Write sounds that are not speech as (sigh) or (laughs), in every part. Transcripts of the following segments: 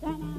the time.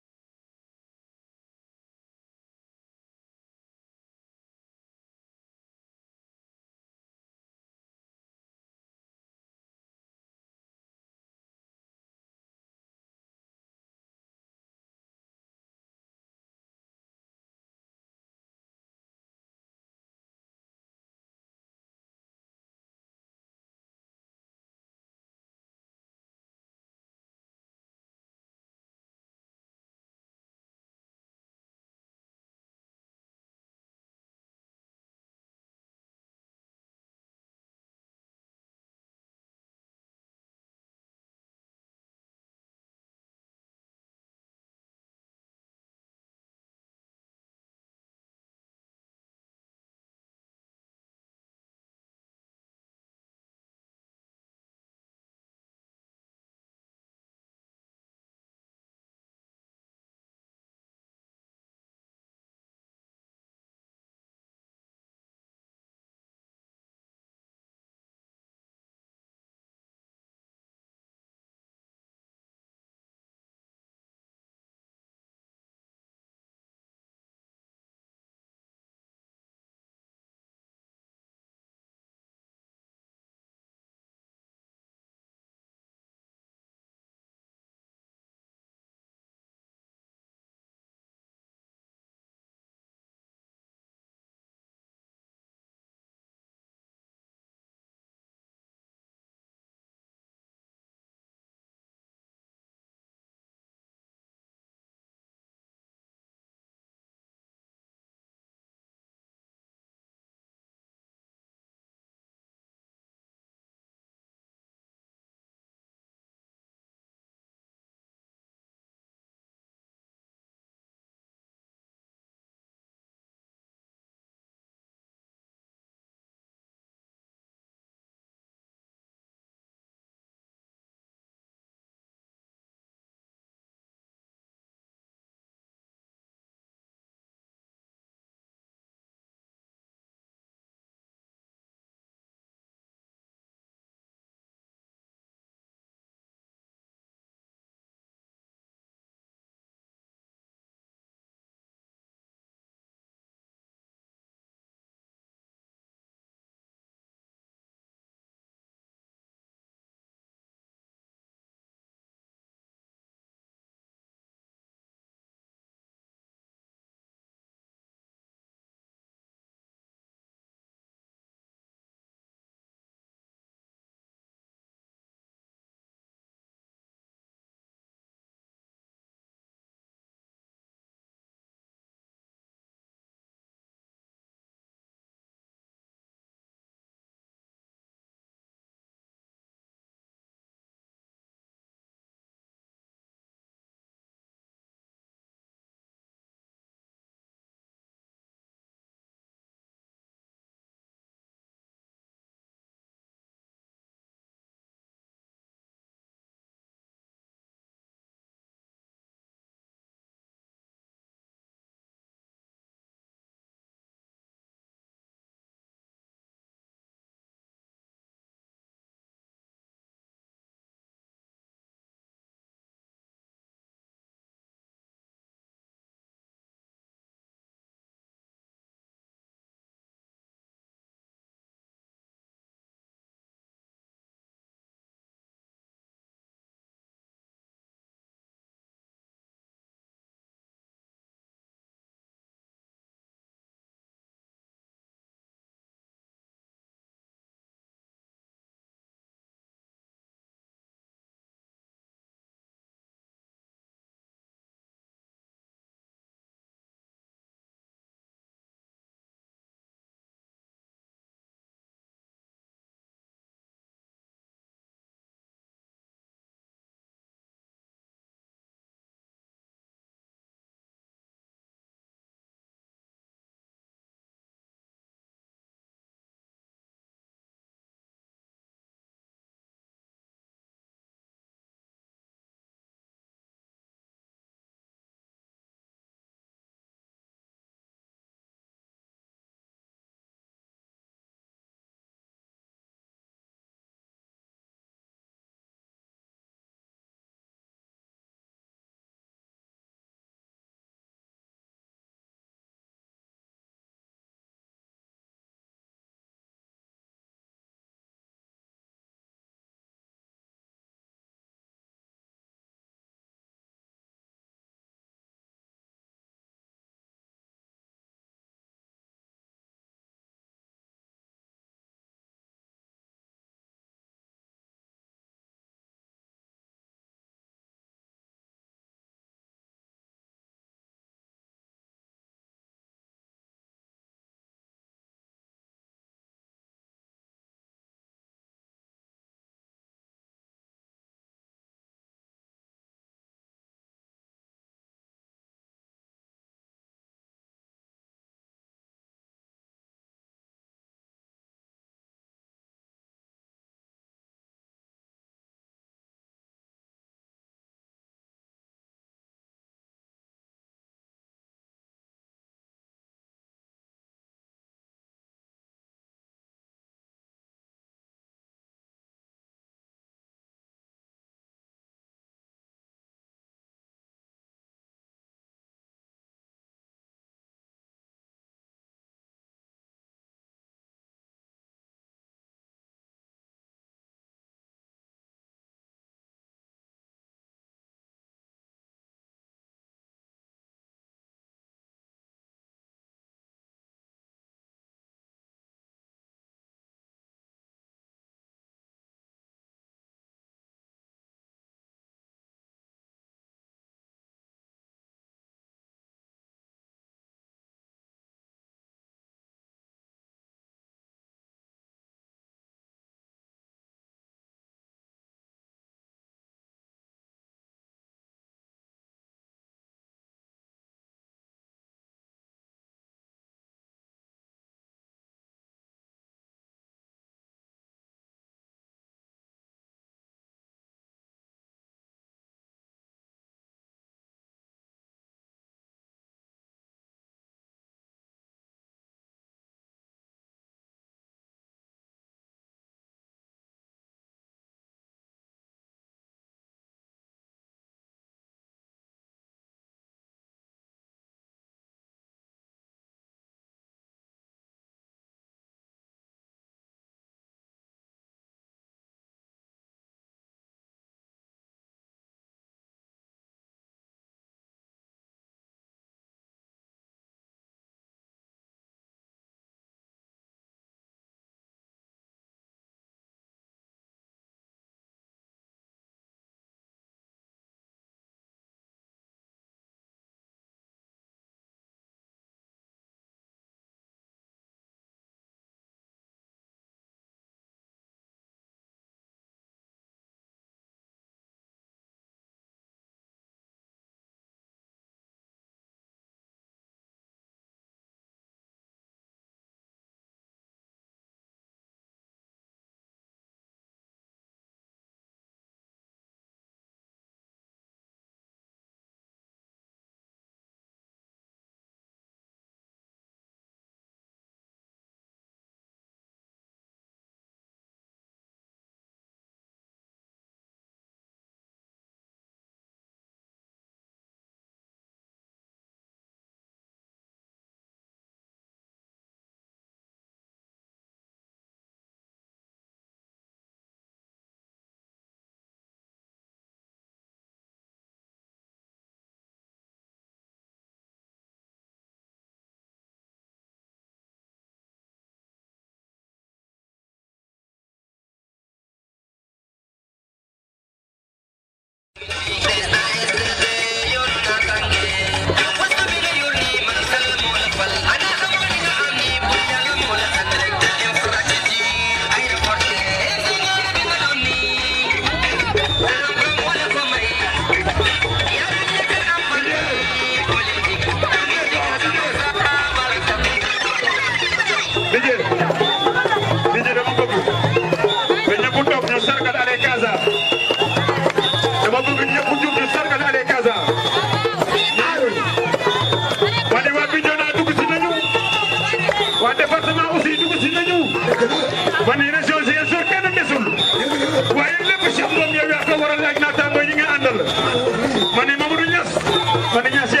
Con se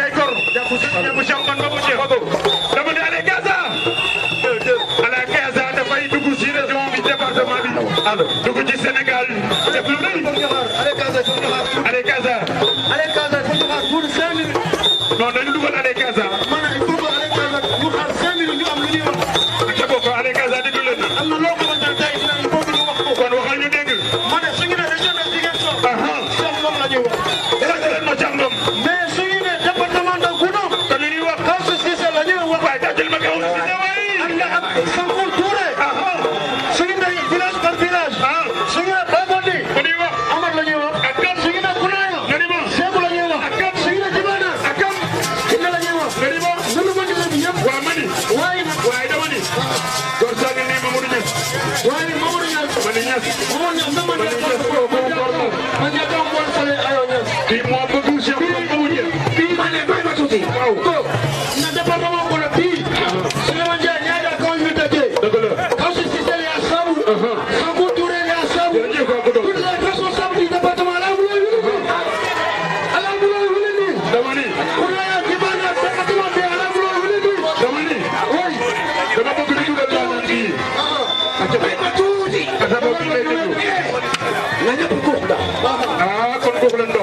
na ñëpp guux nga. ah kon guux lañ doon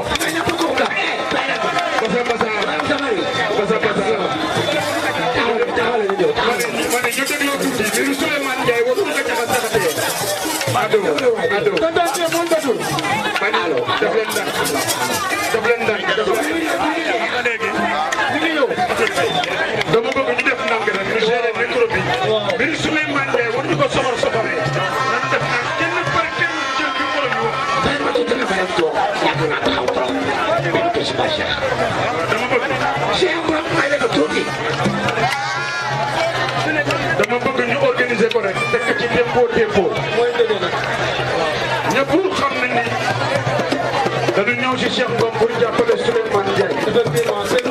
impôt dépôt ñëpp xam nañ ni dañu ñëw si Cheikh Ngom pour jàppale Souleymane Ndiaye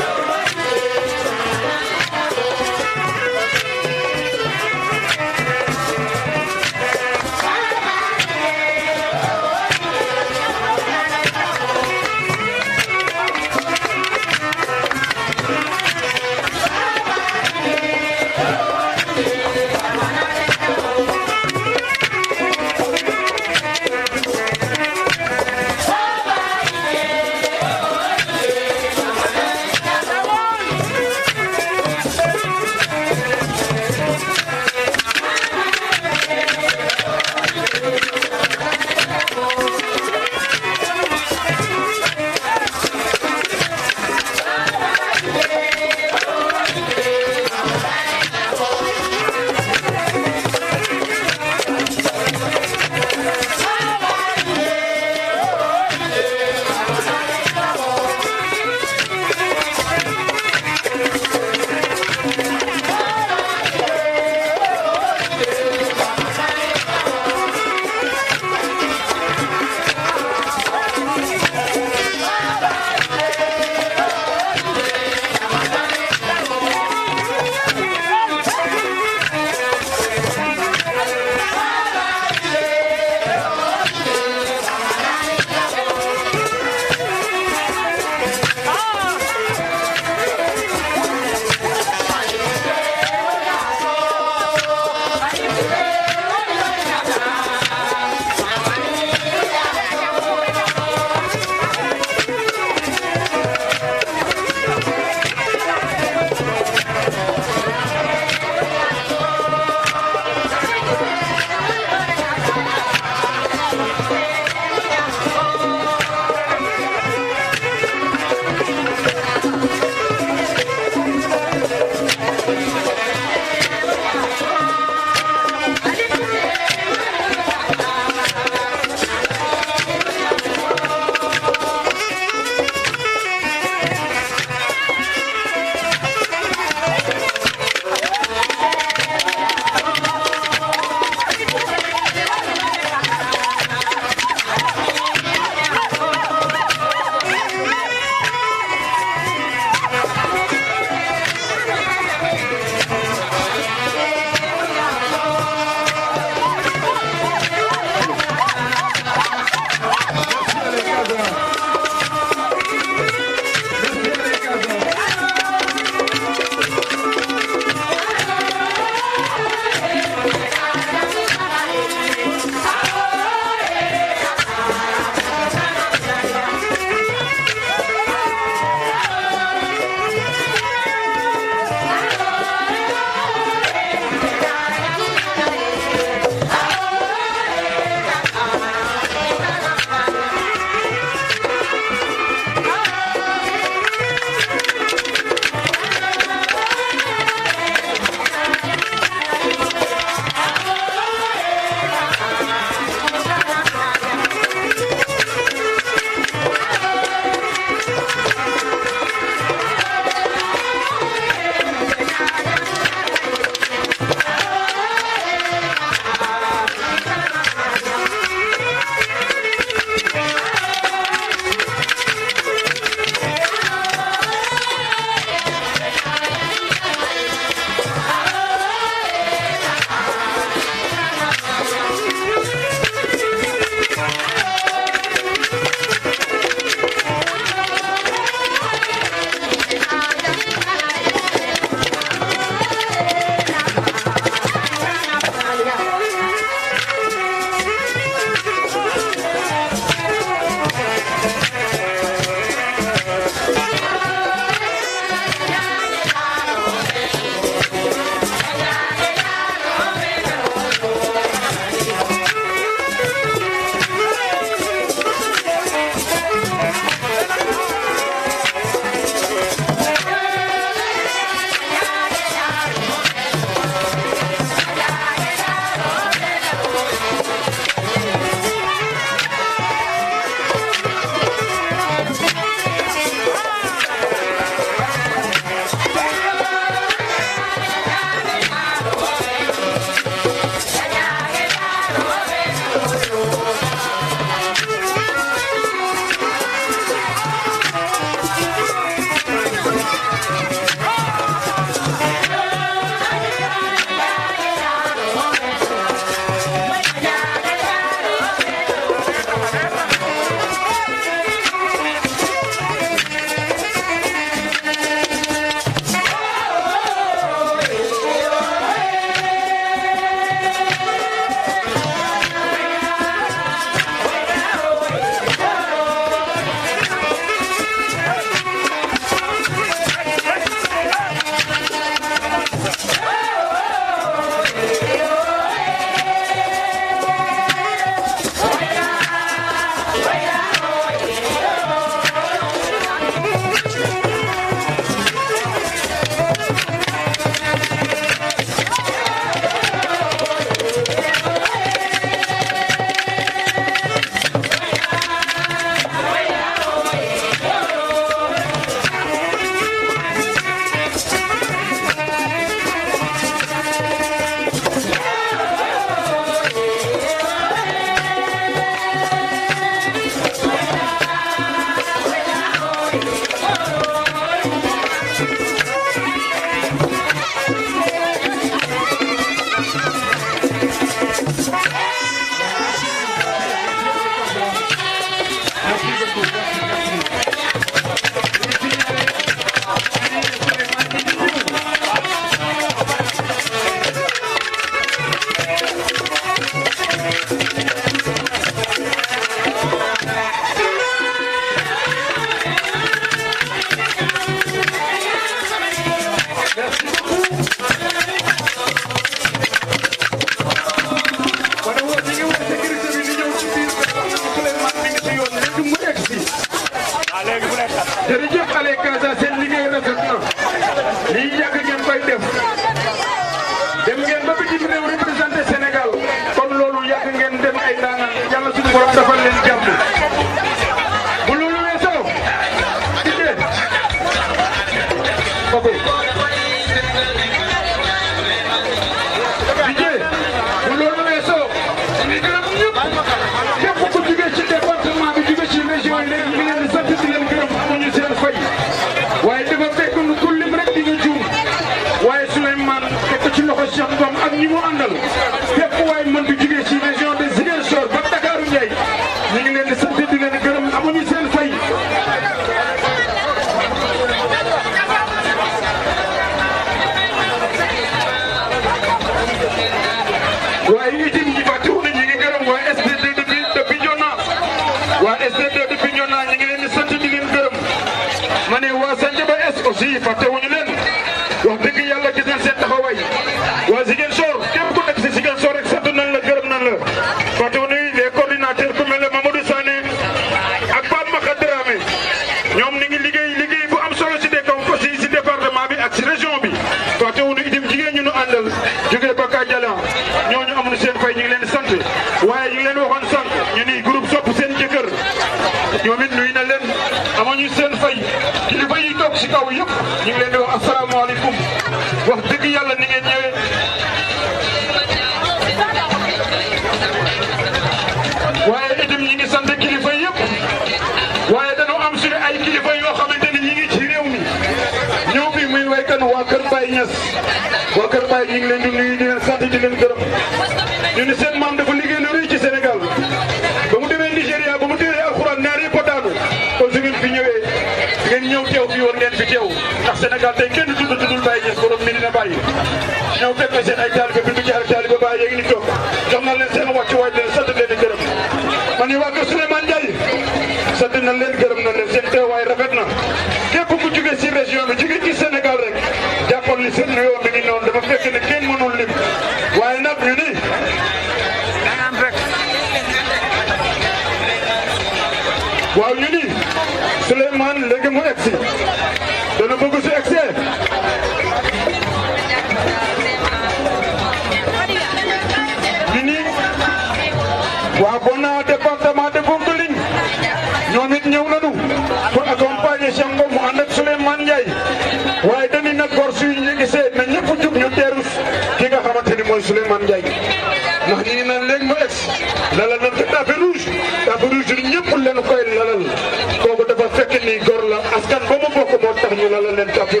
na leen tapis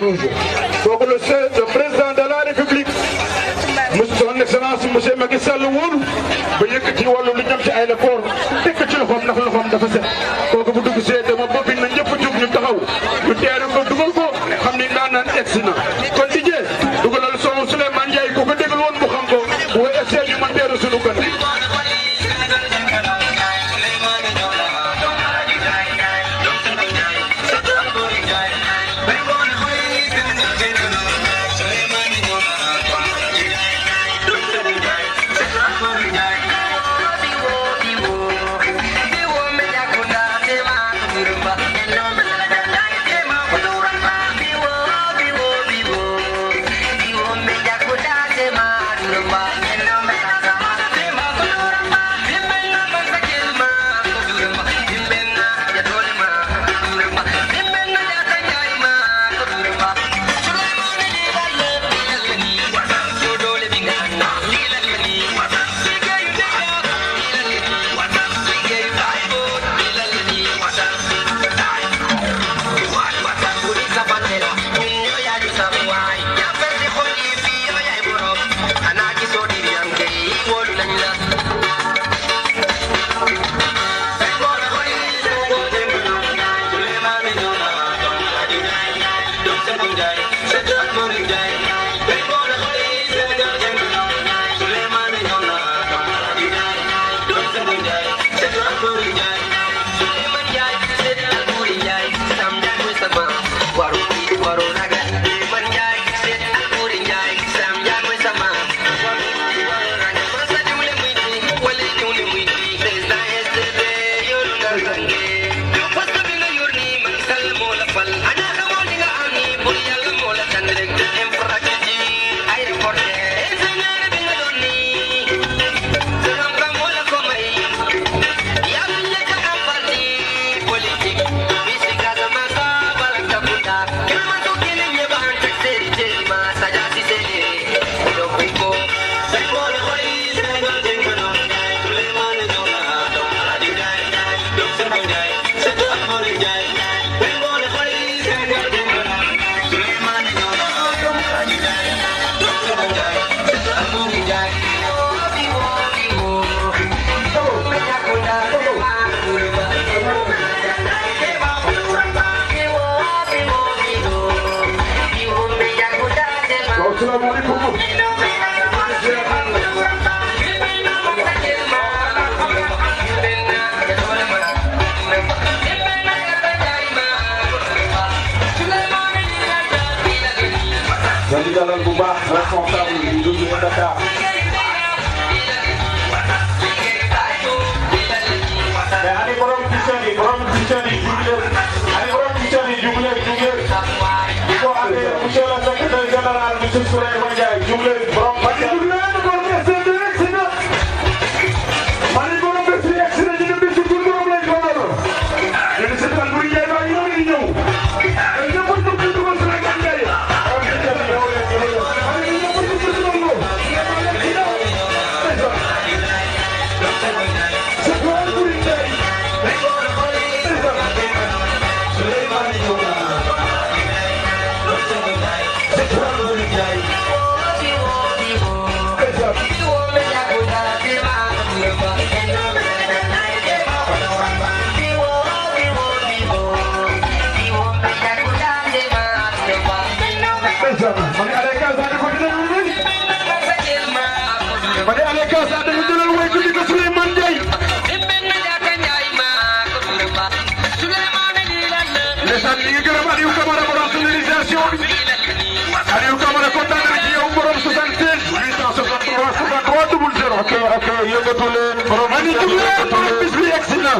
ok yëngatu leen borom ma ni jug leen borom bis bi egsi na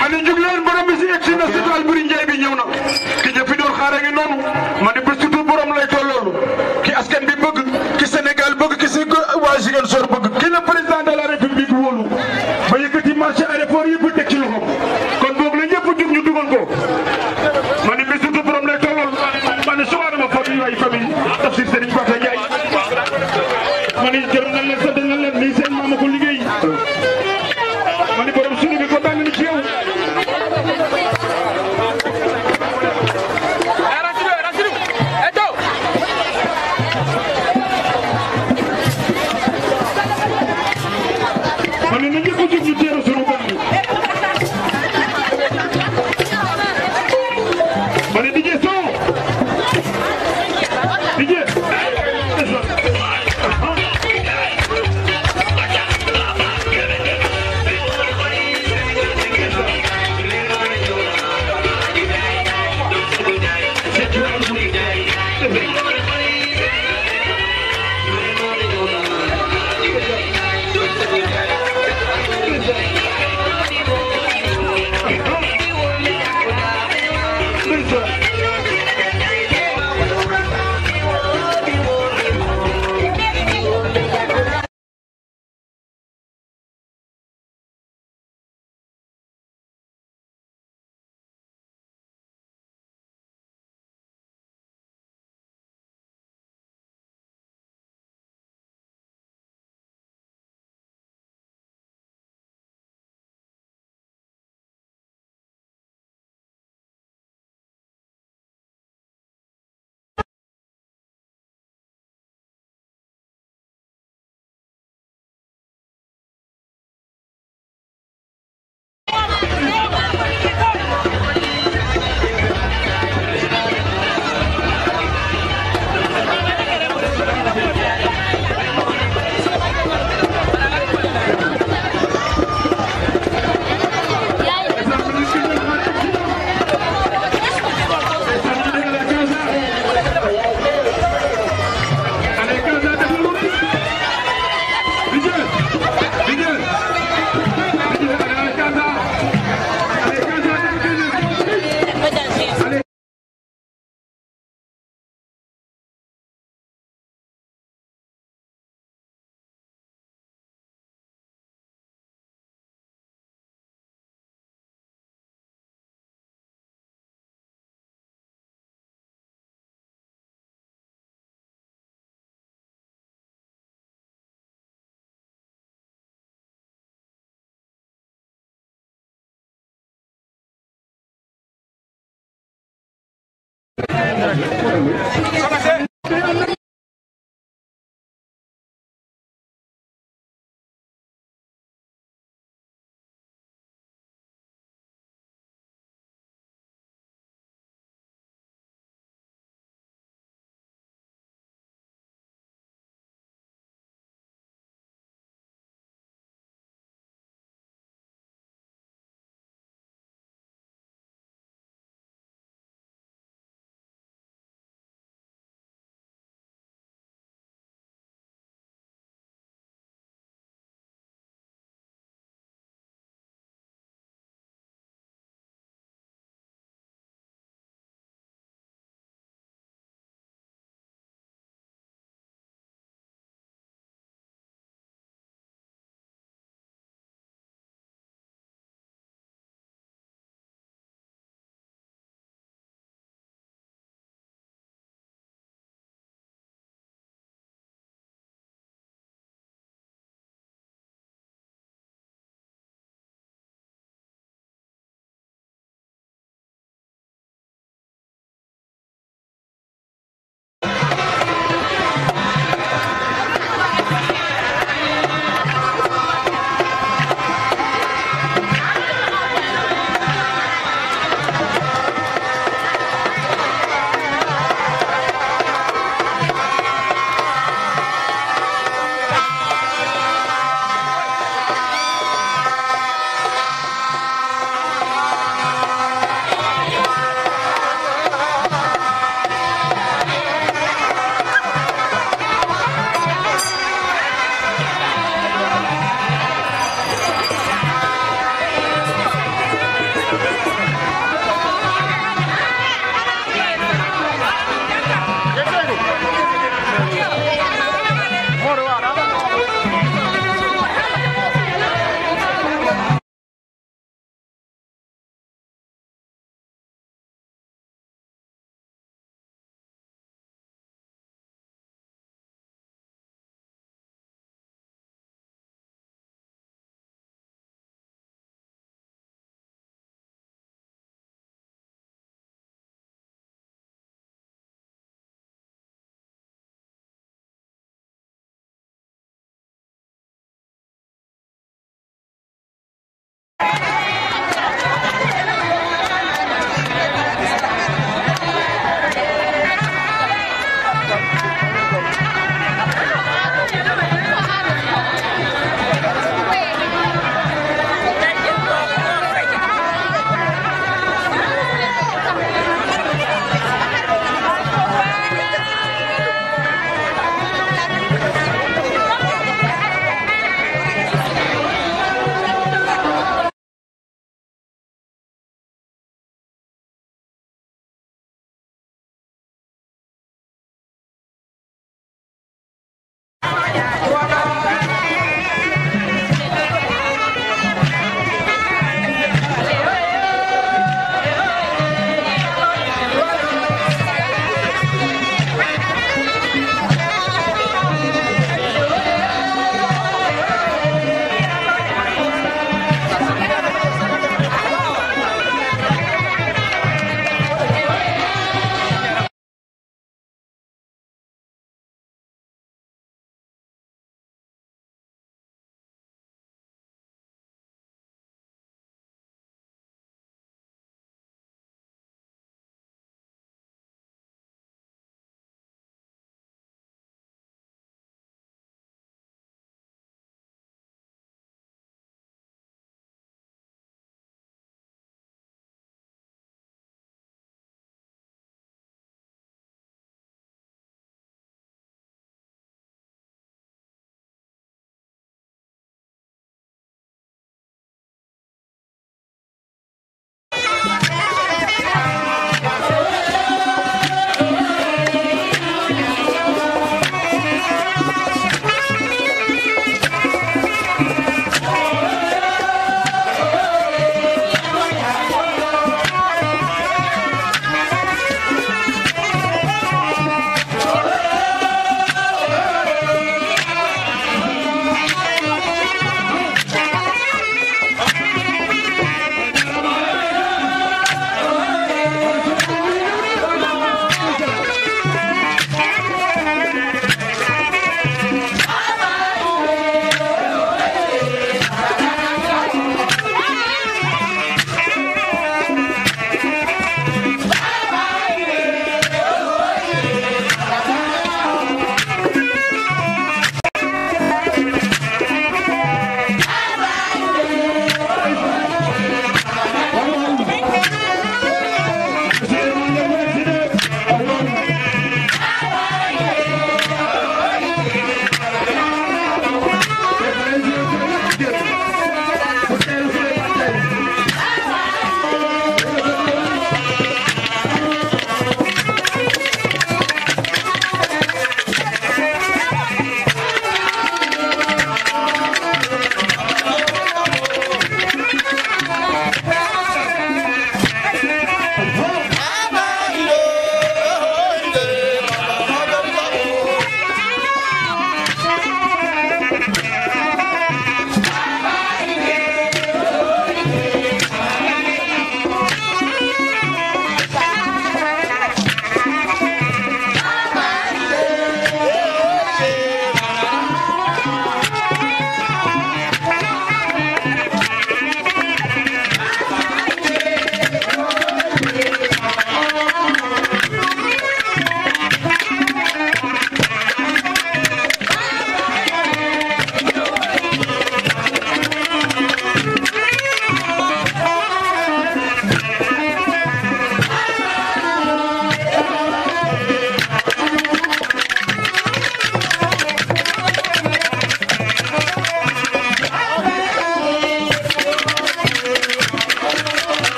ma ni jug leen borom bis bi egsi na surtout Alboury Ndiaye bi ñëw na ki ñëppi doon xaare ngi noonu ma ni bés surtout borom lay tolloolu ki askan bi bëgg ki Sénégal bëgg ki si waa Ziguinchor bëgg ki la président de la république wóolu ba yëkkati marché aéroport yëpp Só nascer.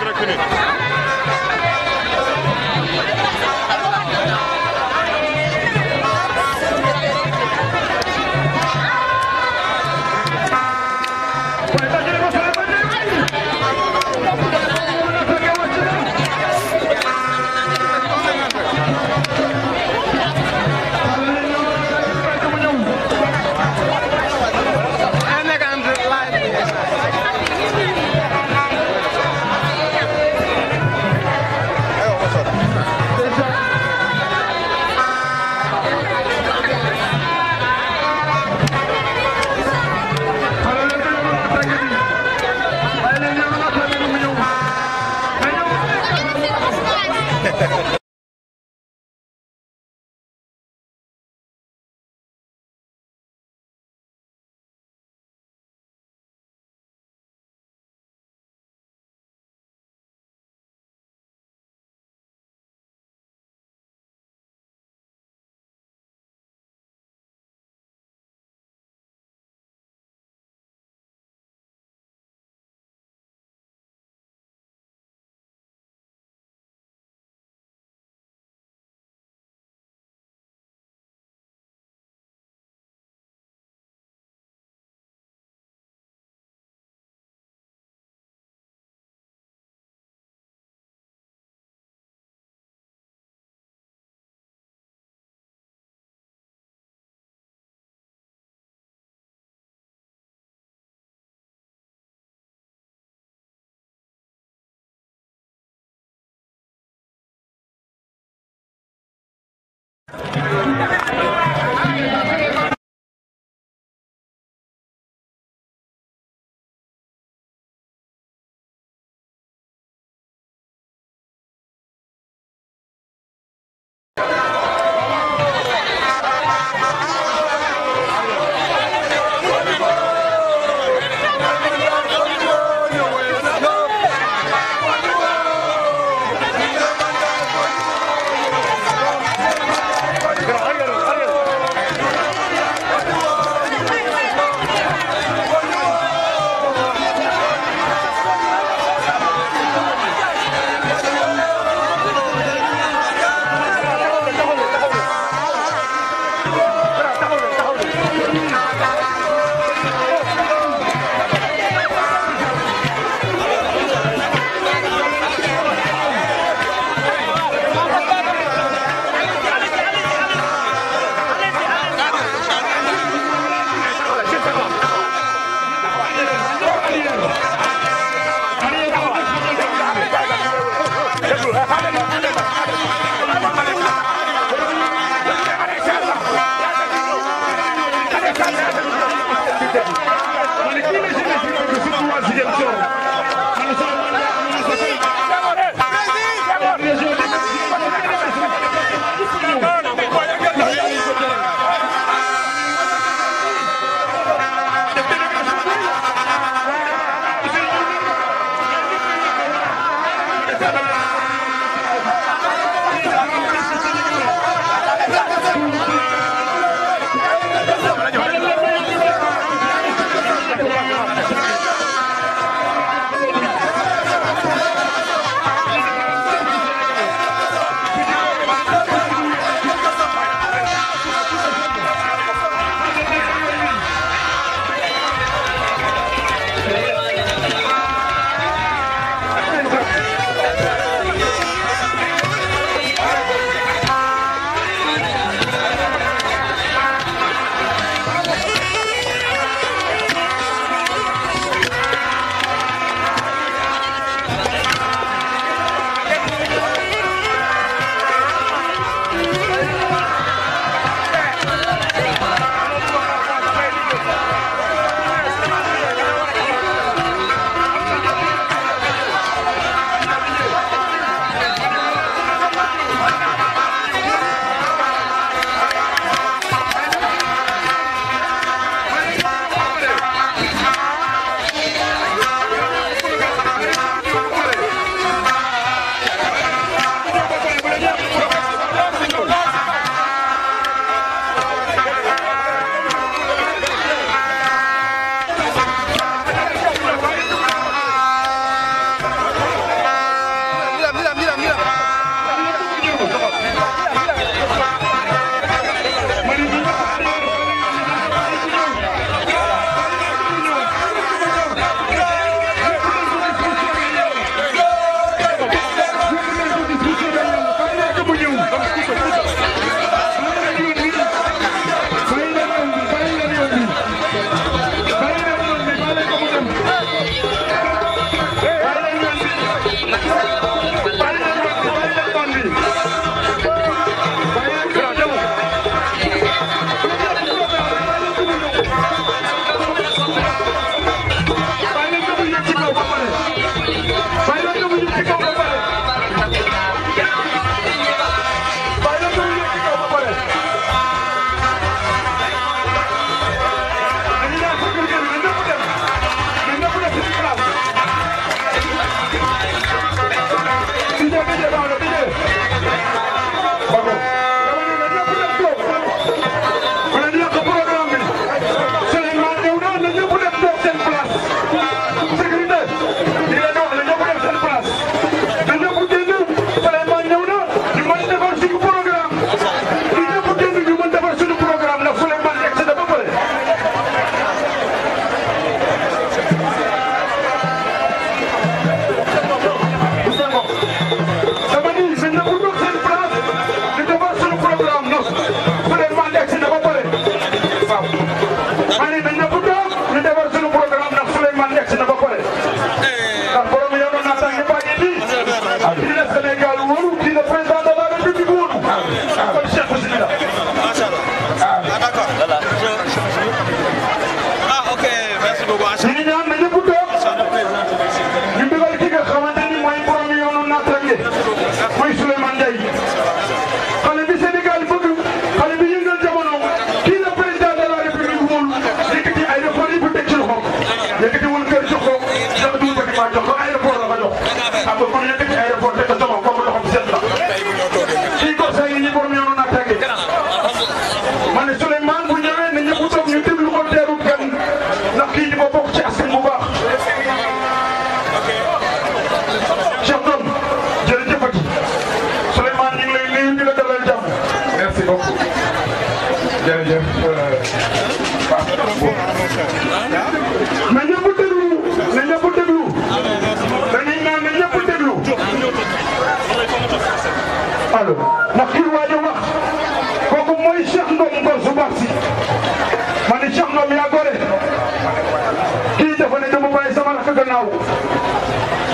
bırakın.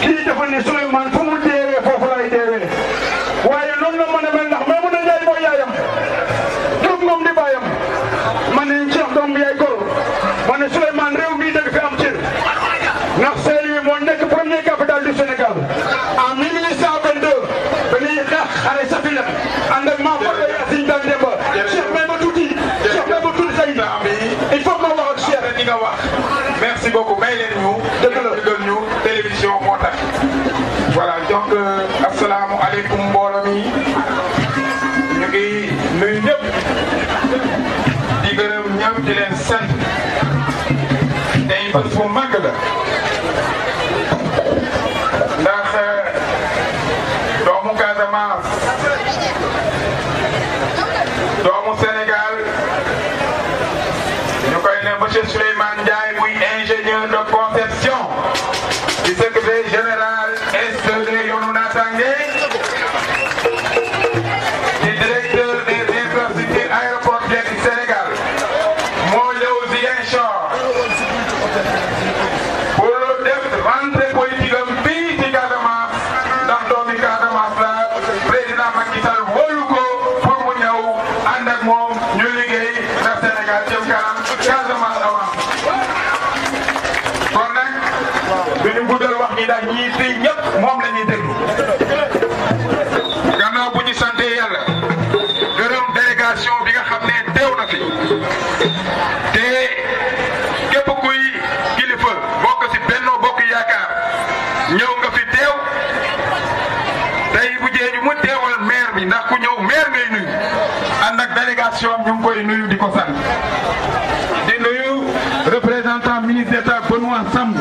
kii dafa ne Souleymane fu mu deewee foofu laay deewee waaye noonu la mën a mel ndax Maimouna Ndiaye mooy yaayam Diop moom di baayam ma ne Cheikh doom yaay gor ma ne Souleymane mii dañ fi am cër ndax Saint-Louis moo nekk premier capital du Sénégal en 1822 ba ñuy xeex xare Safina ànd ak maa Fodé Yacine Dal Demba Cheikh may ma tuuti Cheikh may ma tuuti tey il faut que ma wax ak Cheikh. ni nga wax merci beaucoup may jox euh, asalaamu aleykum mbooloo mi ñu ngi nuyu ñëpp di gërëm ñam di leen délégation ñu koy nuyu di ko sant di nuyu représentant ministre d'État Benoît Sambou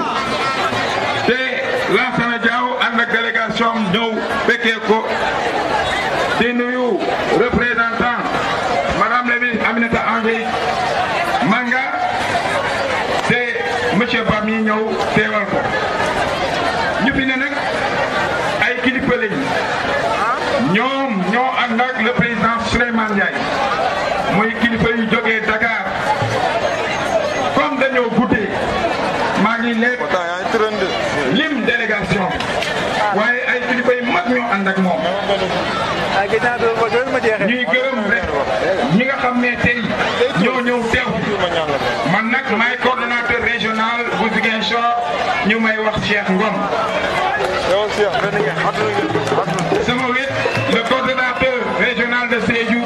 te Lansana Diaw and ak délégation am ñëw ko di nuyu représentant madame la ministre Aminata Angélique Manga té monsieur Ba mi téwal ko ñu fi ne nag ay kilifa lañ ñom ñoo and ak le président Souleymane Ndiaye muy kilifa yu jógee Dakar comme dañoo guddee maa ngi leen lim délégation waaye ay kilifa yu mag ñoo ànd ak moom. ñuy gërëm rek ñi nga xam ne tey ñoo ñëw teew man nag maay coordonnateur régional bu Ziguinchor ñu may wax Cheikh Ngom.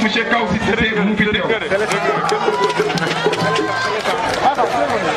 monsieur Kaouzi Touré filha. fi teew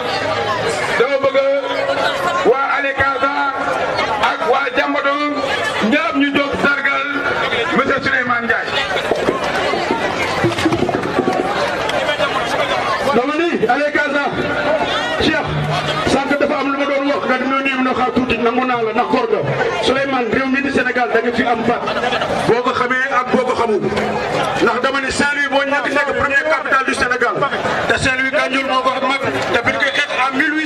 di nangu naa mi di Sénégal da nga fi am boo ko xamee ak boo ko xamul ndax dama ne Saint-Louis boo ñàkk nekk première capitale du Sénégal te Saint-Louis Gandiol moo ko mag te bi ñu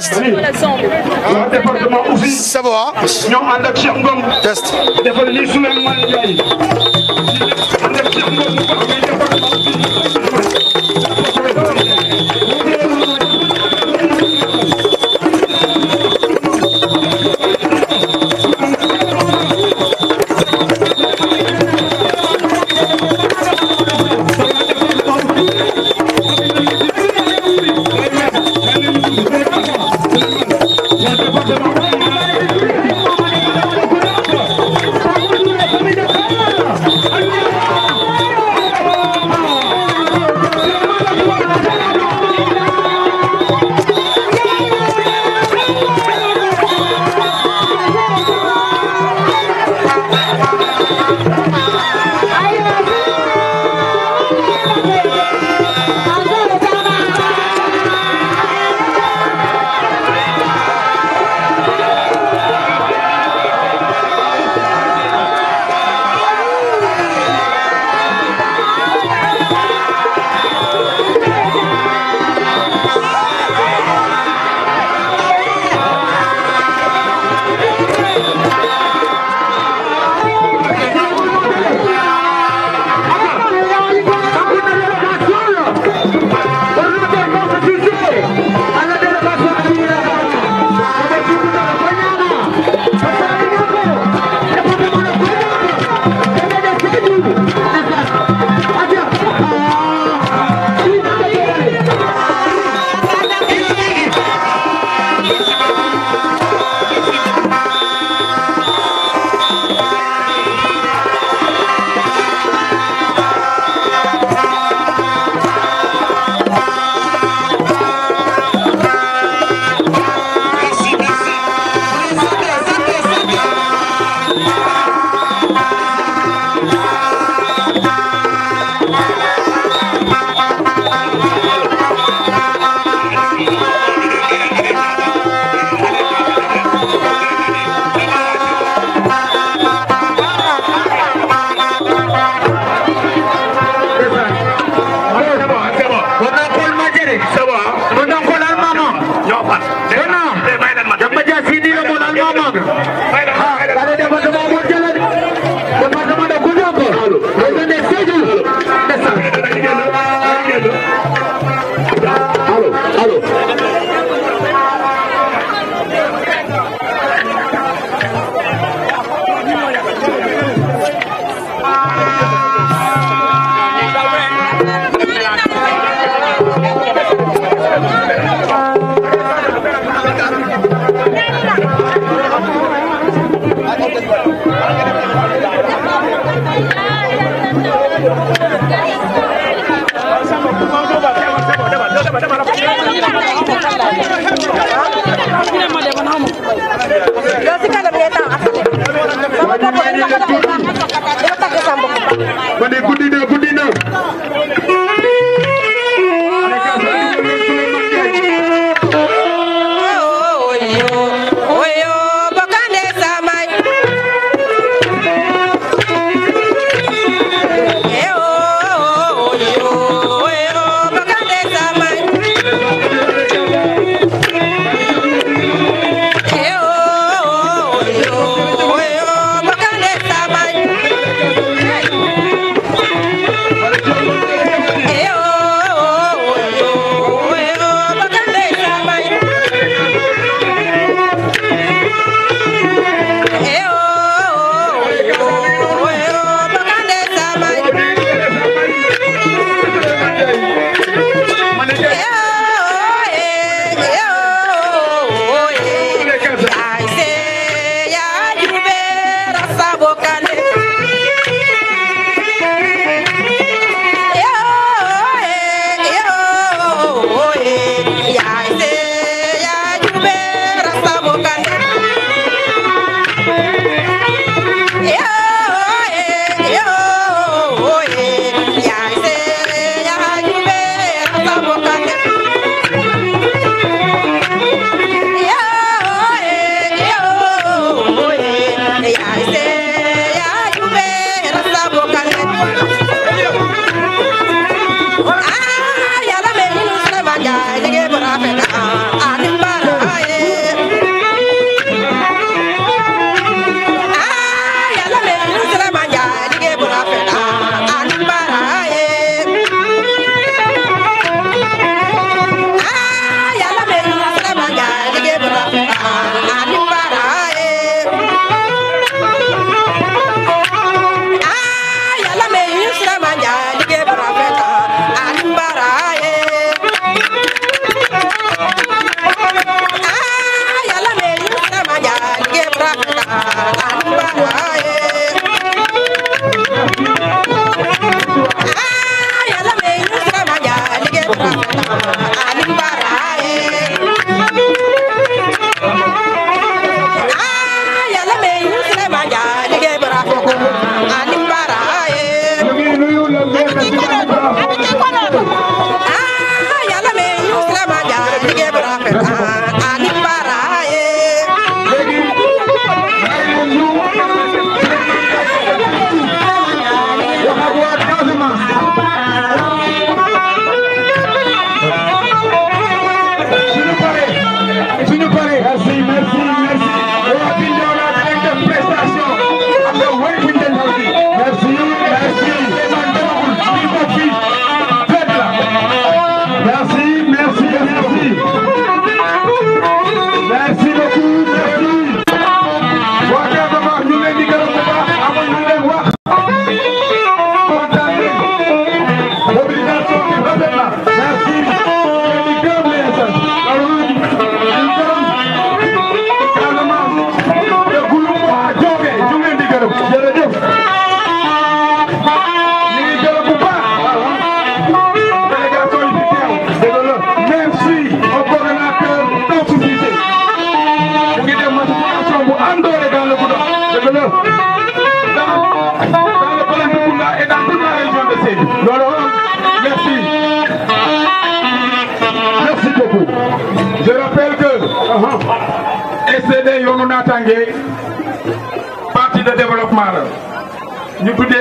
test département test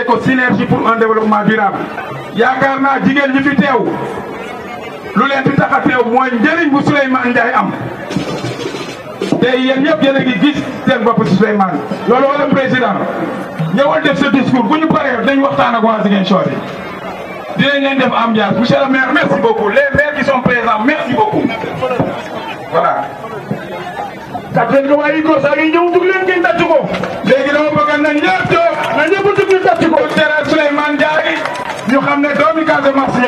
ko synergie pour un développement durable yaakaar naa jigéen ñi fi teew lu leen di tax a teew mooy njëriñ bu Souleymane Ndiaye am te yéen ñëpp yéen a ngi gis seen bopp Souleymane loolu wala président ñëwal def sa discours bu ñu paree dañ waxtaan ak waa Ziguinchor yi dinañ leen def am jaar monsieur le maire merci beaucoup les maires qui sont présents merci beaucoup voilà. tàcc leen ko waaye Gosa a ngi ñëw dugg leen ngeen tàcc ko. léegi dama bëgg nañ ñëpp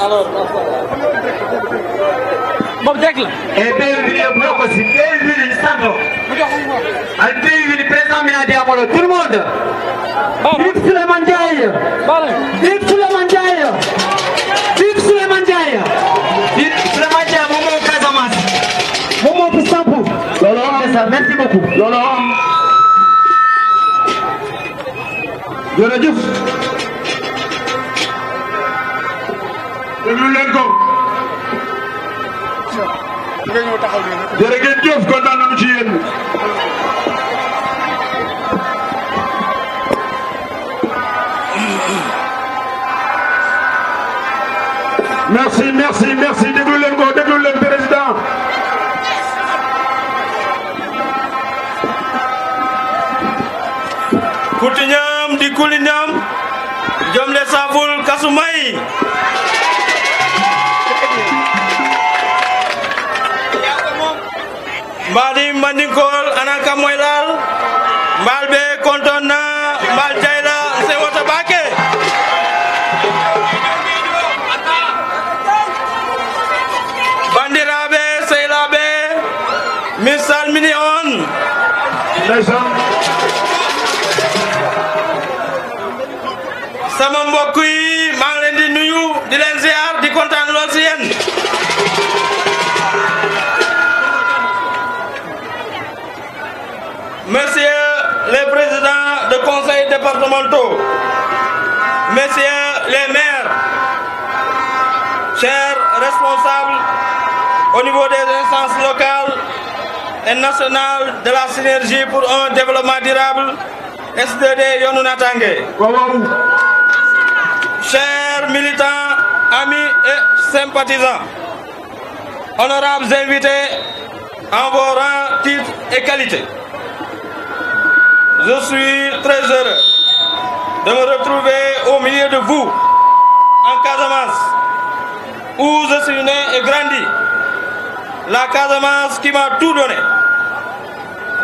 alors boobu dégg la. et béyu bi yëpp boo ko si béyu bi ñu sant. ak béyu bi président bi naa di amaloo tout le monde. Vive Souleymane Ndiaye. Vive Souleymane Ndiaye. Vive Souleymane Ndiaye. Vive Souleymane Ndiaye moom moo Casamance. moom moo fi sampu. loolu am na merci beaucoup. loolu am. jërëjëf. déglu leen ko. jërë ngeen jëf kontaan nañu ci yéen. merci merci merci déglu leen ko déglu leen président. Kutiñam di kuliñam jom le saful kasumay mbaadi mandinkool ana kam be kontoon na jayla se wota baake bandiraaɓe sehlaaɓe mi salmini départementaux, messieurs les maires, chers responsables au niveau des instances locales et nationales de la synergie pour un développement durable, SDD Yonou Chers militants, amis et sympathisants, honorables invités en vos rangs, titres et qualités. Je suis très heureux de me retrouver au milieu de vous, en Casamance, où je suis né et grandi. La Casamance qui m'a tout donné.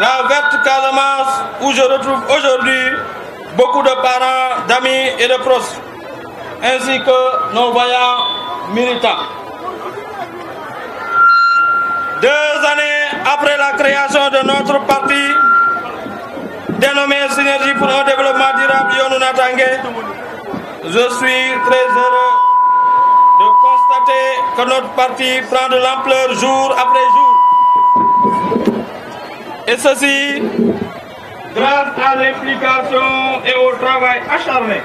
La verte Casamance où je retrouve aujourd'hui beaucoup de parents, d'amis et de proches, ainsi que nos voyants militants. Deux années après la création de notre parti, dénommé Synergie pour un développement durable Yonou je suis très heureux de constater que notre parti prend de l'ampleur jour après jour. Et ceci grâce à l'implication et au travail acharné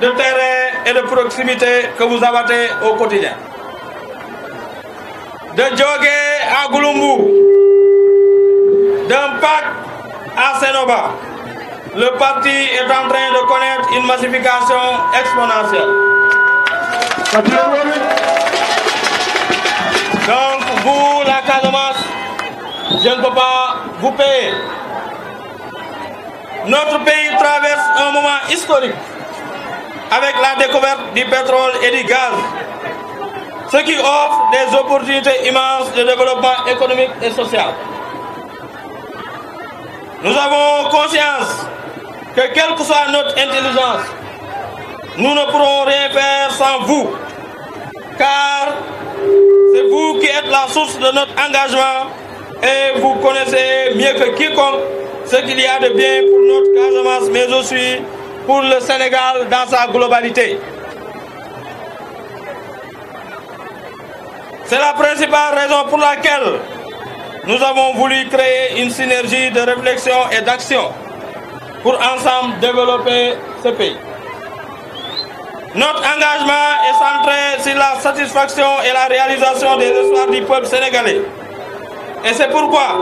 de terrain et de proximité que vous abattez au quotidien. De Djogé à Gouloumbou, d'un pacte à le parti est en train de connaître une massification exponentielle. Donc, vous, la Calomasse, je ne peux pas vous payer. Notre pays traverse un moment historique avec la découverte du pétrole et du gaz, ce qui offre des opportunités immenses de développement économique et social. Nous avons conscience que quelle que soit notre intelligence, nous ne pourrons rien faire sans vous, car c'est vous qui êtes la source de notre engagement et vous connaissez mieux que quiconque ce qu'il y a de bien pour notre casse-masse, mais aussi pour le Sénégal dans sa globalité. C'est la principale raison pour laquelle nous avons voulu créer une synergie de réflexion et d'action pour ensemble développer ce pays. Notre engagement est centré sur la satisfaction et la réalisation des espoirs du peuple sénégalais. Et c'est pourquoi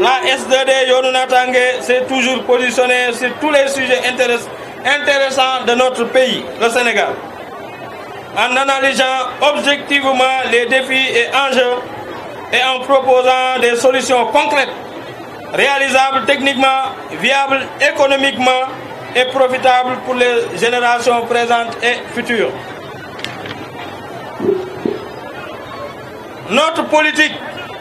la SDD 2 s'est toujours positionnée sur tous les sujets intéressants de notre pays, le Sénégal, en analysant objectivement les défis et enjeux et en proposant des solutions concrètes, réalisables techniquement, viables économiquement et profitables pour les générations présentes et futures. Notre politique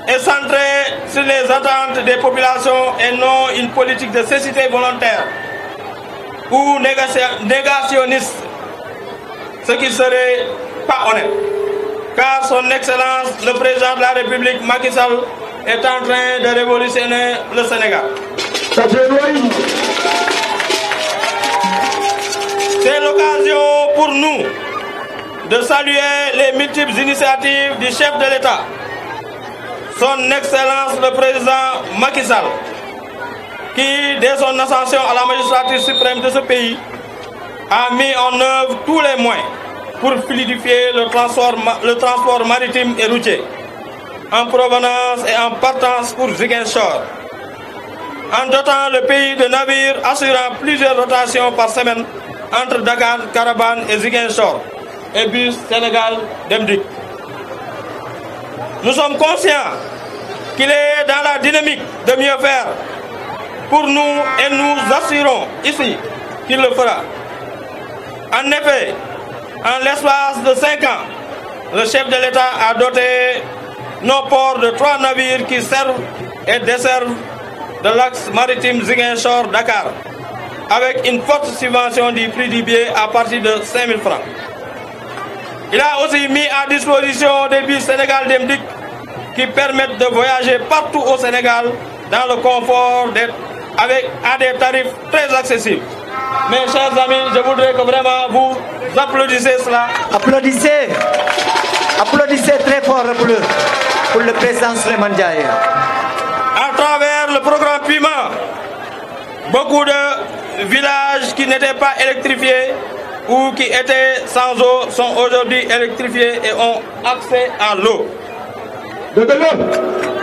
est centrée sur les attentes des populations et non une politique de cécité volontaire ou négationniste, ce qui serait pas honnête car son Excellence le Président de la République Macky Sall est en train de révolutionner le Sénégal. C'est l'occasion pour nous de saluer les multiples initiatives du chef de l'État, son Excellence le Président Macky Sall, qui, dès son ascension à la magistrature suprême de ce pays, a mis en œuvre tous les moyens pour fluidifier le transport, le transport maritime et routier en provenance et en partance pour Ziguinchor, en dotant le pays de navires assurant plusieurs rotations par semaine entre Dakar, Caravane et Ziguinchor et bus Sénégal d'Emdic. Nous sommes conscients qu'il est dans la dynamique de mieux faire pour nous et nous assurons ici qu'il le fera. En effet, en l'espace de cinq ans, le chef de l'État a doté nos ports de trois navires qui servent et desservent de l'axe maritime Ziguinchor-Dakar, avec une forte subvention du prix du billet à partir de 5 000 francs. Il a aussi mis à disposition des bus Sénégal d'Emdic qui permettent de voyager partout au Sénégal dans le confort avec, à des tarifs très accessibles. Mes chers amis, je voudrais que vraiment vous applaudissez cela. Applaudissez. Applaudissez très fort pour le, pour le président À travers le programme Pima, beaucoup de villages qui n'étaient pas électrifiés ou qui étaient sans eau sont aujourd'hui électrifiés et ont accès à l'eau. De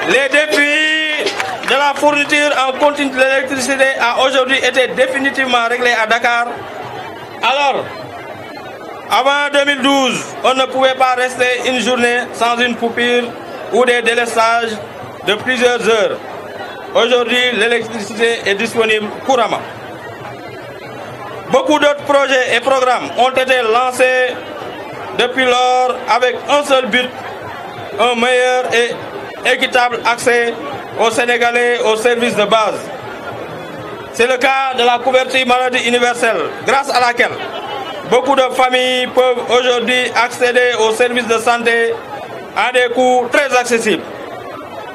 Les députés, de la fourniture en continu de l'électricité a aujourd'hui été définitivement réglée à Dakar. Alors, avant 2012, on ne pouvait pas rester une journée sans une coupure ou des délaissages de plusieurs heures. Aujourd'hui, l'électricité est disponible couramment. Beaucoup d'autres projets et programmes ont été lancés depuis lors avec un seul but, un meilleur et équitable accès aux Sénégalais aux services de base. C'est le cas de la couverture maladie universelle, grâce à laquelle beaucoup de familles peuvent aujourd'hui accéder aux services de santé à des coûts très accessibles.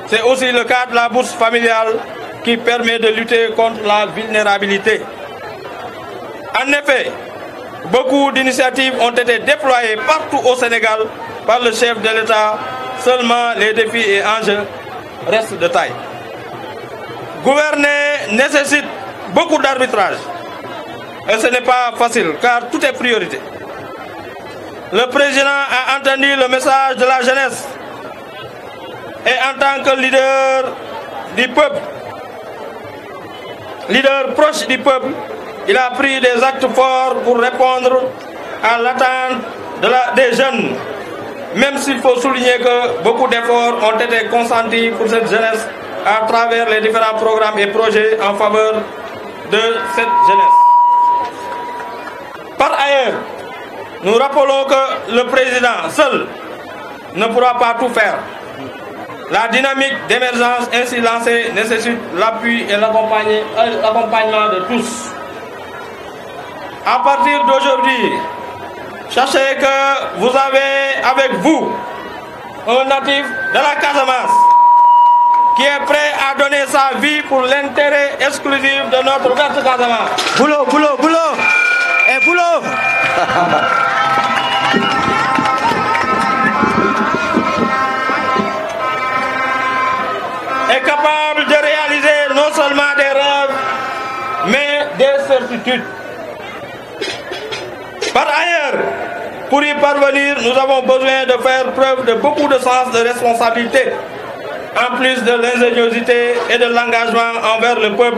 C'est aussi le cas de la bourse familiale qui permet de lutter contre la vulnérabilité. En effet, beaucoup d'initiatives ont été déployées partout au Sénégal par le chef de l'État. Seulement les défis et enjeux reste de taille. Gouverner nécessite beaucoup d'arbitrage. Et ce n'est pas facile, car tout est priorité. Le président a entendu le message de la jeunesse. Et en tant que leader du peuple, leader proche du peuple, il a pris des actes forts pour répondre à l'attente de la, des jeunes même s'il faut souligner que beaucoup d'efforts ont été consentis pour cette jeunesse à travers les différents programmes et projets en faveur de cette jeunesse. Par ailleurs, nous rappelons que le président seul ne pourra pas tout faire. La dynamique d'émergence ainsi lancée nécessite l'appui et euh, l'accompagnement de tous. À partir d'aujourd'hui, sachez que vous avez avec vous un natif de la Casamance qui est prêt à donner sa vie pour l'intérêt exclusif de notre de Casamance. Boulot, boulot, boulot Et eh, boulot (laughs) est capable de réaliser non seulement des rêves, mais des certitudes. Par ailleurs, pour y parvenir, nous avons besoin de faire preuve de beaucoup de sens de responsabilité, en plus de l'ingéniosité et de l'engagement envers le peuple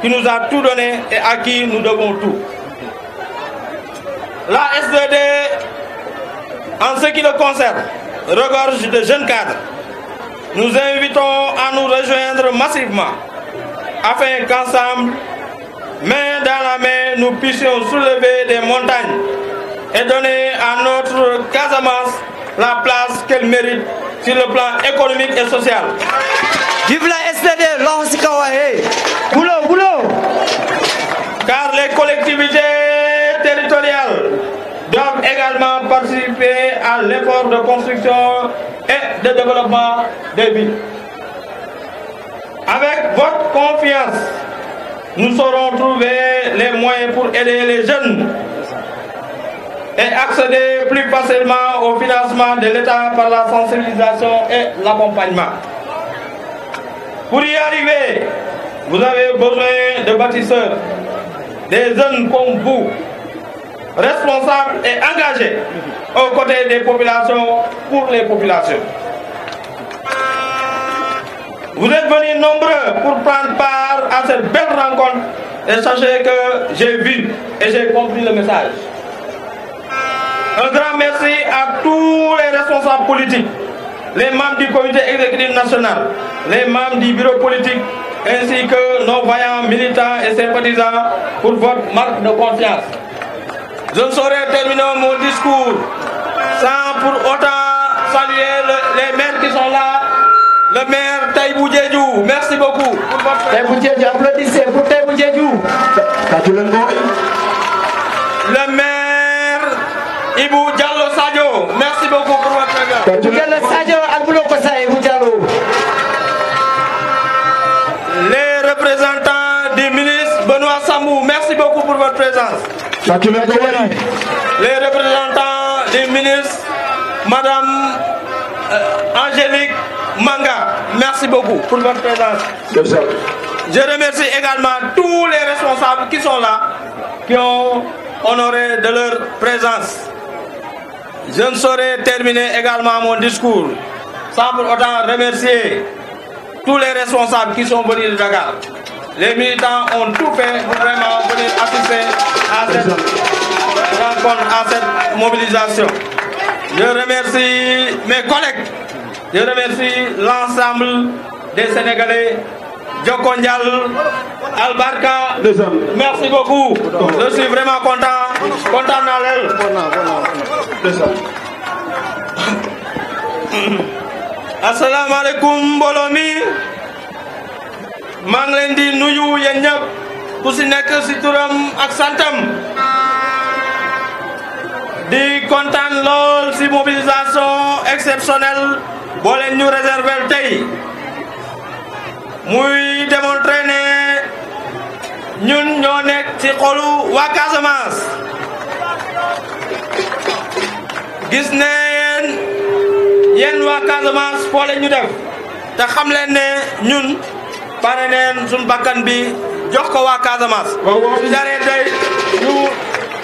qui nous a tout donné et à qui nous devons tout. La SDD, en ce qui le concerne, regorge de jeunes cadres. Nous invitons à nous rejoindre massivement afin qu'ensemble main dans la main, nous puissions soulever des montagnes et donner à notre Casamance la place qu'elle mérite sur le plan économique et social. Vive la Boulot, boulot Car les collectivités territoriales doivent également participer à l'effort de construction et de développement des villes. Avec votre confiance, nous saurons trouver les moyens pour aider les jeunes et accéder plus facilement au financement de l'État par la sensibilisation et l'accompagnement. Pour y arriver, vous avez besoin de bâtisseurs, des jeunes comme vous, responsables et engagés aux côtés des populations pour les populations. Vous êtes venus nombreux pour prendre part à cette belle rencontre et sachez que j'ai vu et j'ai compris le message. Un grand merci à tous les responsables politiques, les membres du comité exécutif national, les membres du bureau politique, ainsi que nos voyants militants et sympathisants pour votre marque de confiance. Je ne saurais terminer mon discours sans pour autant saluer les maires qui sont là le maire Taïbou Diédhiou merci beaucoup. Taïbou applaudissez pour Taïbou Diédhiou. le maire Ibou Diallo Sadio merci beaucoup pour votre présence. Sadio les représentants du ministre Benoît Samou, merci beaucoup pour votre présence. les représentants du ministre madame euh, Angélique. Manga, merci beaucoup pour votre présence. Je remercie également tous les responsables qui sont là, qui ont honoré de leur présence. Je ne saurais terminer également mon discours sans pour autant remercier tous les responsables qui sont venus de Dakar. Les militants ont tout fait pour vraiment venir assister à cette rencontre, à cette mobilisation. Je remercie mes collègues Je remercie l'ensemble des Sénégalais. Djokondial, Albarka, merci beaucoup. Je suis vraiment content, content à l'aile. Assalamu alaikum, Bolomi. maa ngi leen di nuyu yéen ñëpp ku si nekk si turam ak santam di kontaan lool si mobilisation exceptionnelle boole leen ñu réserver tey muy démontré ne ñun ñoo nekk ci xolu waa Casamance gis ne yeen yeen waa Casamance ñu def te xam leen ne ñun pare neen suñu bi jox ko waa Casamance. waaw waaw su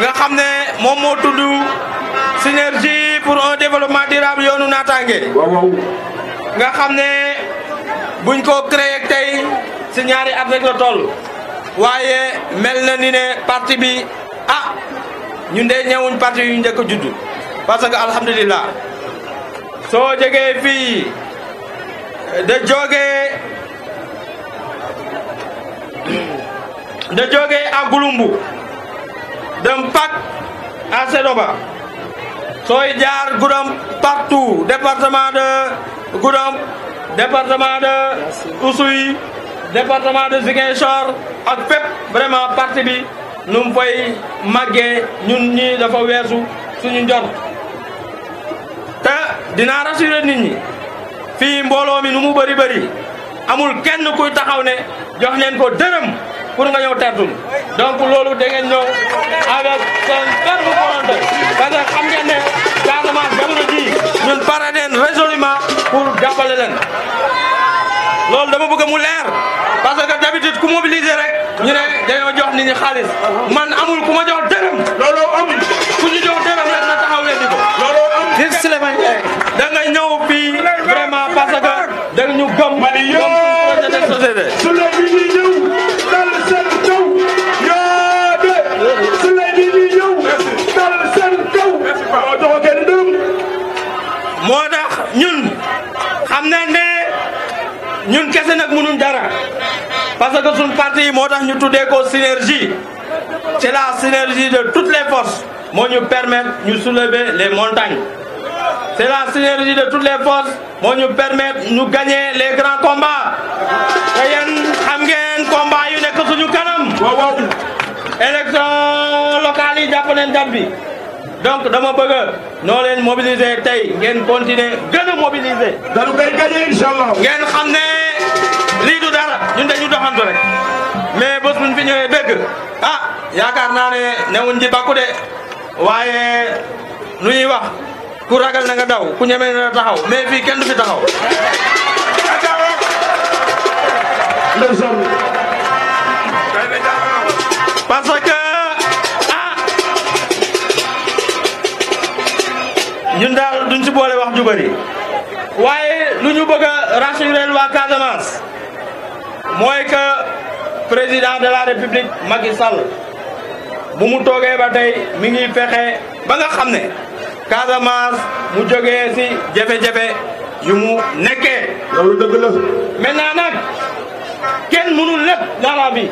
nga xam ne moom moo tudd synergie pour un développement durable yoonu naataange. nga xam ne buñ ko créé tey si ñaari at rek la toll waaye mel ni ne parti bi ah ñun de ñëwuñ parti yu njëkk a parce que d'un pacte à Sédoba sooy jaar Goudomp partout département de Goudomp département de Oussouye département de Ziguinchor ak fépp vraiment parti bi nu magge fay màggee ñun ñi dafa weesu suñu njort te dinaa rassurer nit ñi fii mbooloo mi nu mu bëri bëri amul kenn kuy taxaw ne jox leen ko dërëm pour nga ñëw tertuñ donc loolu da ngeen avec seen ferme volonté parce que xam ngeen ne Casamance jamono jii ñun pare résolument pour jàppale leen loolu dama bëgg mu leer parce que d'habitude ku mobiliser rek ñu ne dañoo jox nit ñi xaalis man amul ku ma jox dërëm loolu amul ku ñu jox dërëm rek na taxaw weddi ko loolu amul Souleymane vraiment parce que dañu gëm gëm suñu projet de société ñun nak nag mënuñ dara parce que sun parti yi moo ñu tuddé ko synergie c'est la synergie de toutes les forces mo ñu permettre ñu soulever les montagnes c'est la synergie de toutes les forces mo ñu permettre ñu gagner les grands combats te yéen xam ngeen combat yu nek suñu kanam waaw waaw élection locale yi jàpp nañ donc dama bëgg no leen mobiliser tay ngeen continuer gën a mobiliser. dañu koy gagner inshallah allah. ngeen xam lii du dara ñun dañu doxantu rek mais bés buñ fi ñëwee dëgg ah yaakaar naa ne newuñ ci bakku de waaye lu ñuy wax ku ragal na nga daw ku ñeme na taxaw mais fii kenn du fi taxaw. parce que ah daal duñ ci boole wax ju bëri waaye lu ñu bëgg a rassurer waa mooy que président de la république Macky mu mu toogee ba tey mi ngi fexe ba nga xam ne Casamance mu jógee si jafe-jafe yu mu nekkee. loolu dëgg la. maintenant kenn mënul lépp dara bi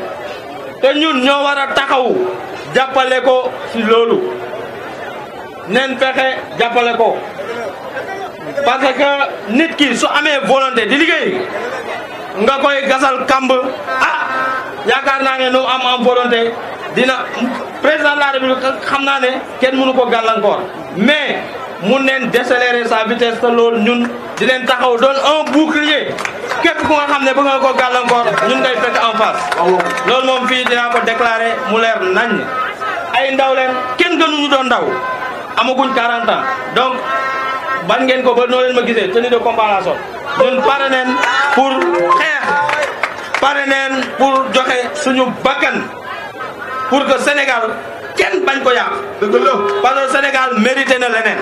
te ñun ñoo war a taxaw jàppale ko si loolu nen fexe jàppale ko parce que nit kii su amee volonté di liggéey. nga koy gasal kamb ah yaakaar naa ne nu am am volonté dina président de la république xam naa ne kenn mënu ko gàllankoor mais mun neen décélérer sa vitesse te loolu ñun di leen taxaw doon un bouclier képp ku nga xam ne bëgg nga ko gàllankoor ñun ngay fekk en face loolu moom fii dinaa ko déclarer mu leer nañ ay ndaw kenn gënuñu doon ndaw amaguñ 40 ans donc ban ngeen ko ba noo ma gisee tenue de comparaison ñun pare neen pour xeex pare neen pour joxe suñu bakkan pour que Sénégal kenn bañ ko yàq. dëgg la parce que Sénégal mérité na leneen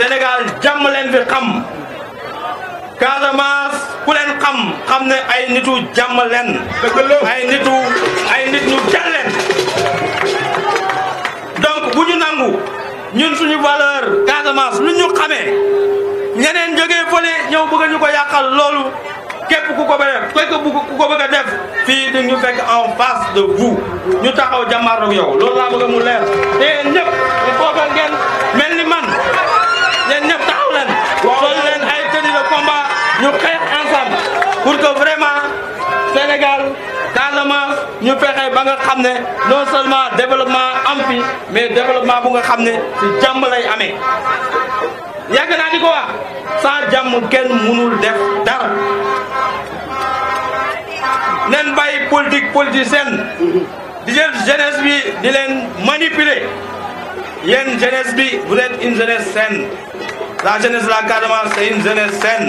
Sénégal jàmm leen fi xam Casamance ku leen xam xam ne ay nitu jàmm leen. dëgg la ay nit ñu jàll leen donc bu ñu nangu. ñun suñu valeur Casamance lu ñu xamee ñeneen jógee fële ñëw bëgg ñu ko yàqal loolu képp ku ko ba def képp ku ko bëgg a def fii di ñu fekk en face de vous ñu taxaw jàmmaarloog yow lool laa bëgg mu leer te ñëpp il faut que mel ni man yéen ñëpp taxaw leen sol leen ay tenue de combat ñu xeex ensemble pour que vraiment Sénégal Casamance ñu fexe ba nga xam ne loo seulement développement am fi mais développement bu nga xam ne ci jàmm lay amee yàgg naa di ko wax sans jàmm kenn mënul def dara nen bàyyi politique politicienne di jël jeunesse bi di leen manipuler yéen jeunesse bi vous êtes une jeunesse saine la jeunesse de la Casamance c'est une jeunesse saine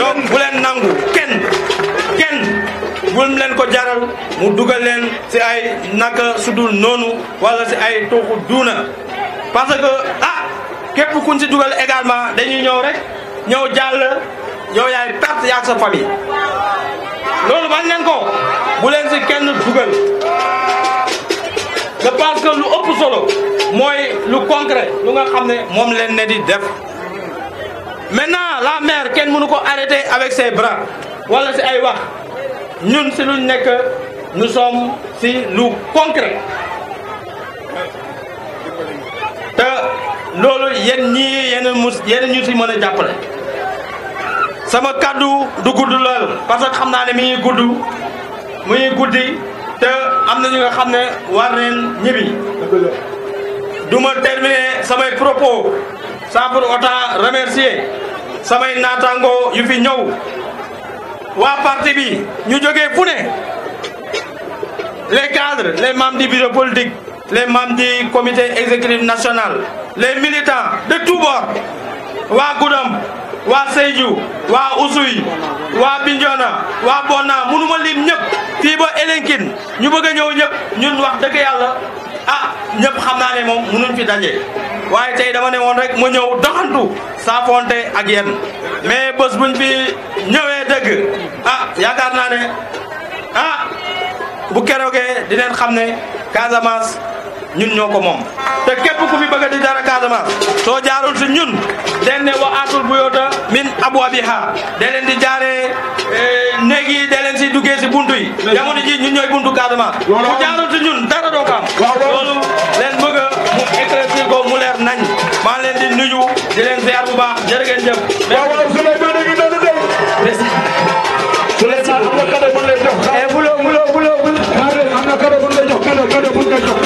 donc bu leen nangu kenn kenn bul leen ko jaral mu dugal leen si ay naka sudul noonu walla si ay tuuxu duuna parce que ah képp kuñ si dugal également dañuy ñëw rek ñëw jàll yow yaay perte yaag sa famille loolu bañ leen ko bu leen si kenn dugal je pense que lu ëpp solo mooy lu concret lu nga xam moom leen ne di def maintenant la mère kenn mënu ko arrêter avec ses bras wala si ay wax ñun si lu nekk nous sommes si lu concret te loolu yéen ñii yéen a mus yéen ñu si mën a jàppale sama kàddu du gudd lool parce que xam naa ne mi ngi gudd mu guddi te am na ñu nga xam ne war neen ñibbi du ma samay propos sans pour autant remercier samay naataangoo yu fi ñëw waa parti bi ñu jógee fu ne les cadres les membres du bureau politique les membres du comité exécutif national les militants de tous bords waa Goudomp waa Sédhiou waa Oussouye waa Bignona waa Bona mënuma lim ñëpp fii ba Elinkine ñu bëgg a ñëw ñëpp ñun wax dëgg yàlla ah ñëpp xam naa ne moom munuñ fi daje waaye tey dama ne woon rek mu ñëw doxantu saafonte ak yéen mais bés buñ fi ñëwee dëgg ah yaakaar naa ne ah bu keroogee dineen xam ne Casamance ñun ñoo ko moom te képp ku fi bëgg di dara Casamance soo jaarul si ñun den ne wa atul buyoota min abwabiha da leen di jaaree eh, néeg yi si duggee si buntu yi jamono ji ñun ñooy buntu Casamance ku jaarul si ñun dara doo ko am loolu leen bëgg mu éclaircir ko mu leer nañ maa leen di nuyu di leen ziar bu baax jërë ngeen jëf Bulo bulo bulo bulo am na kado bu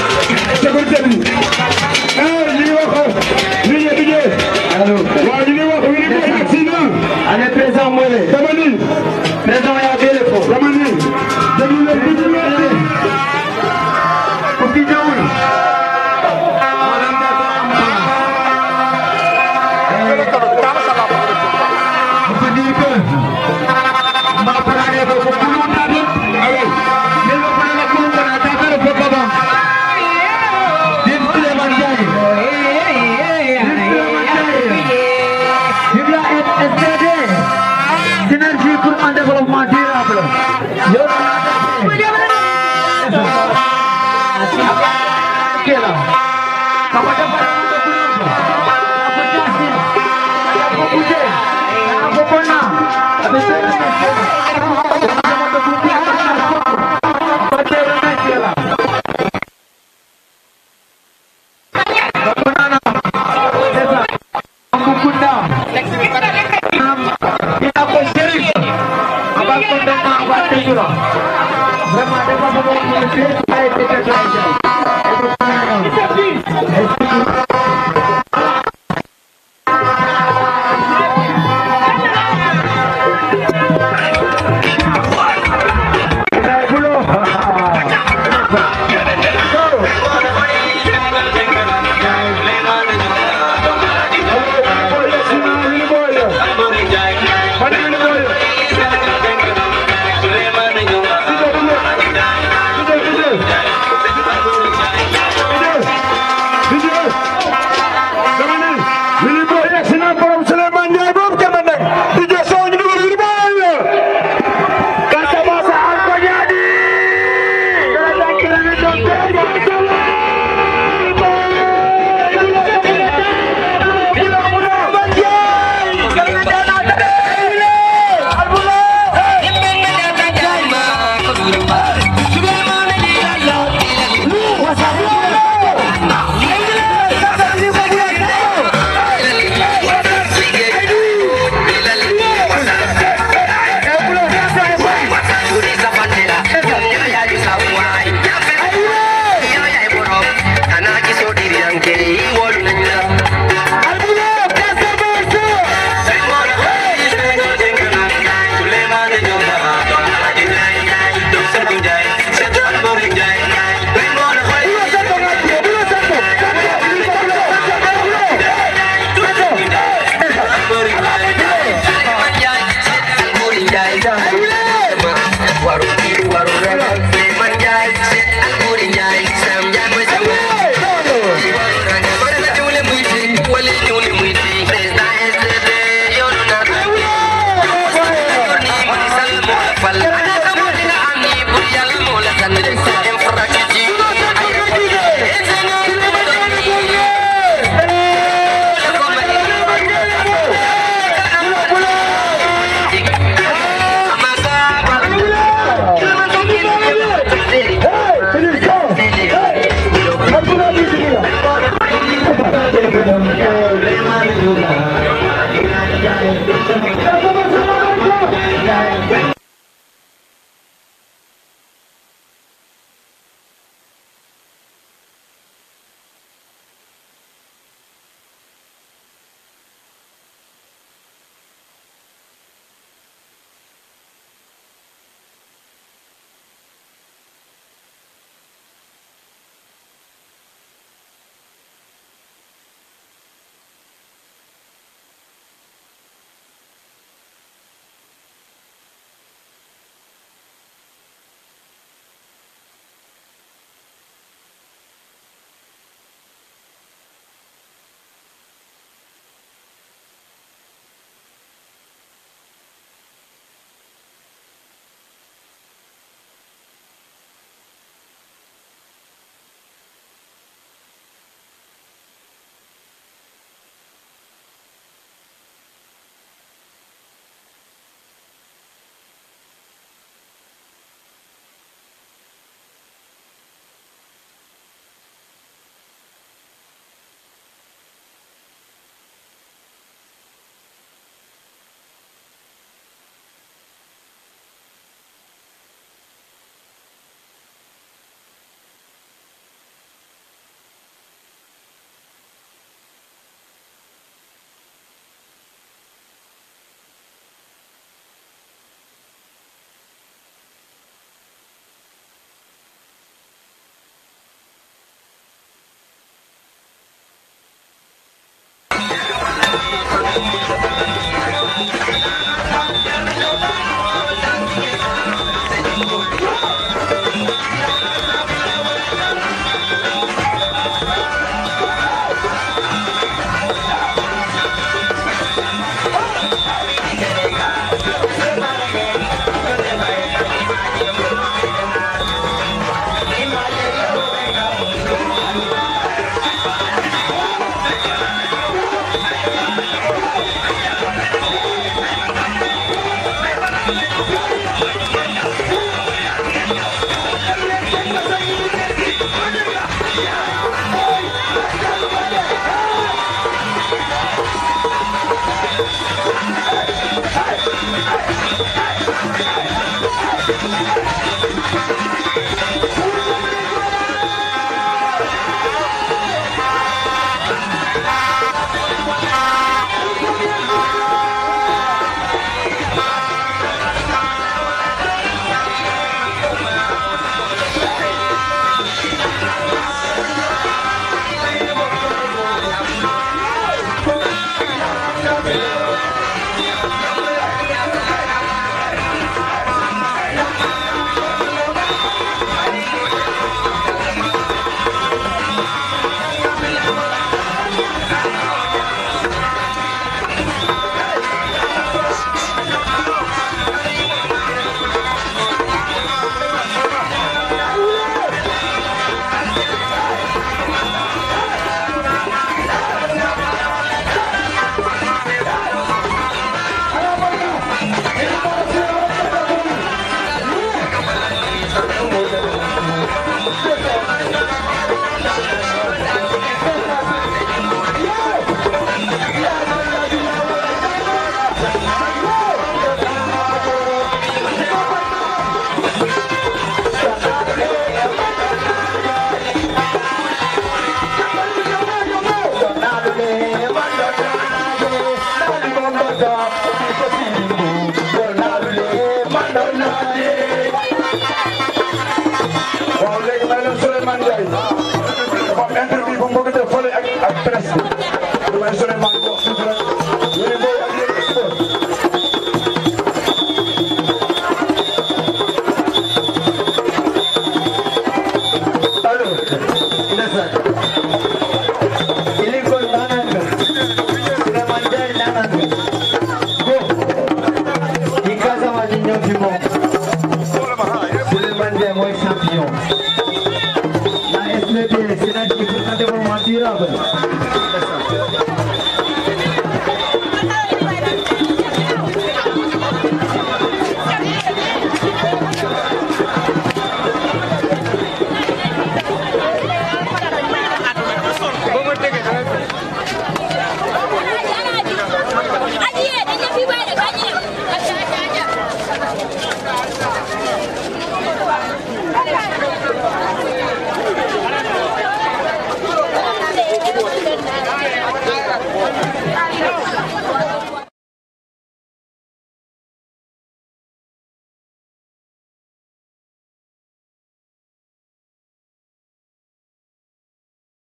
Thank